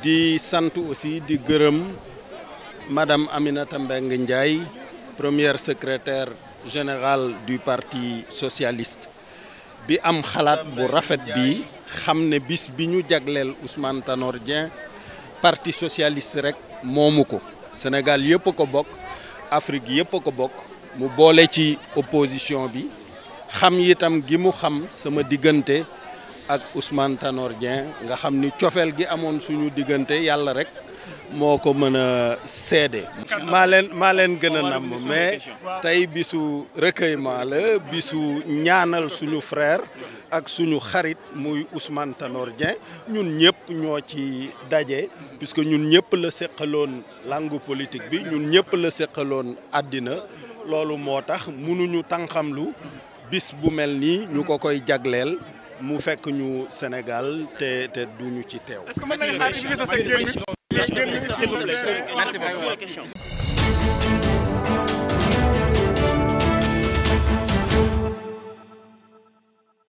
di santu aussi di gërëm madame Aminata Mbeng Ndiaye première secrétaire générale du parti socialiste bi am xalaat bu rafet bi xamne bis biñu jaglél Ousmane Tanor Dieng parti socialiste rek momuko Sénégal yépp ko bok Afrique yépp ko bok mu bolé ci opposition bi xam yitam gi mu xam sama digënté ak Ousmane Tanor nga xam ni cofeel gi amoon suñu diggante yàlla rek moo ko mën a seede maa leen maa leen gën a namm mais tey bisu recueillement la bisu ñaanal suñu frère ak suñu xarit muy Ousmane Tanor ñun ñëpp ñoo ci daje puisque ñun ñëpp la seqaloon langue politique bi ñun ñëpp la seqaloon àddina loolu moo tax mënuñu tànqamlu bis bu mel nii ñu ko koy jagleel mu fekk ñu senegal te te duñu ci teew.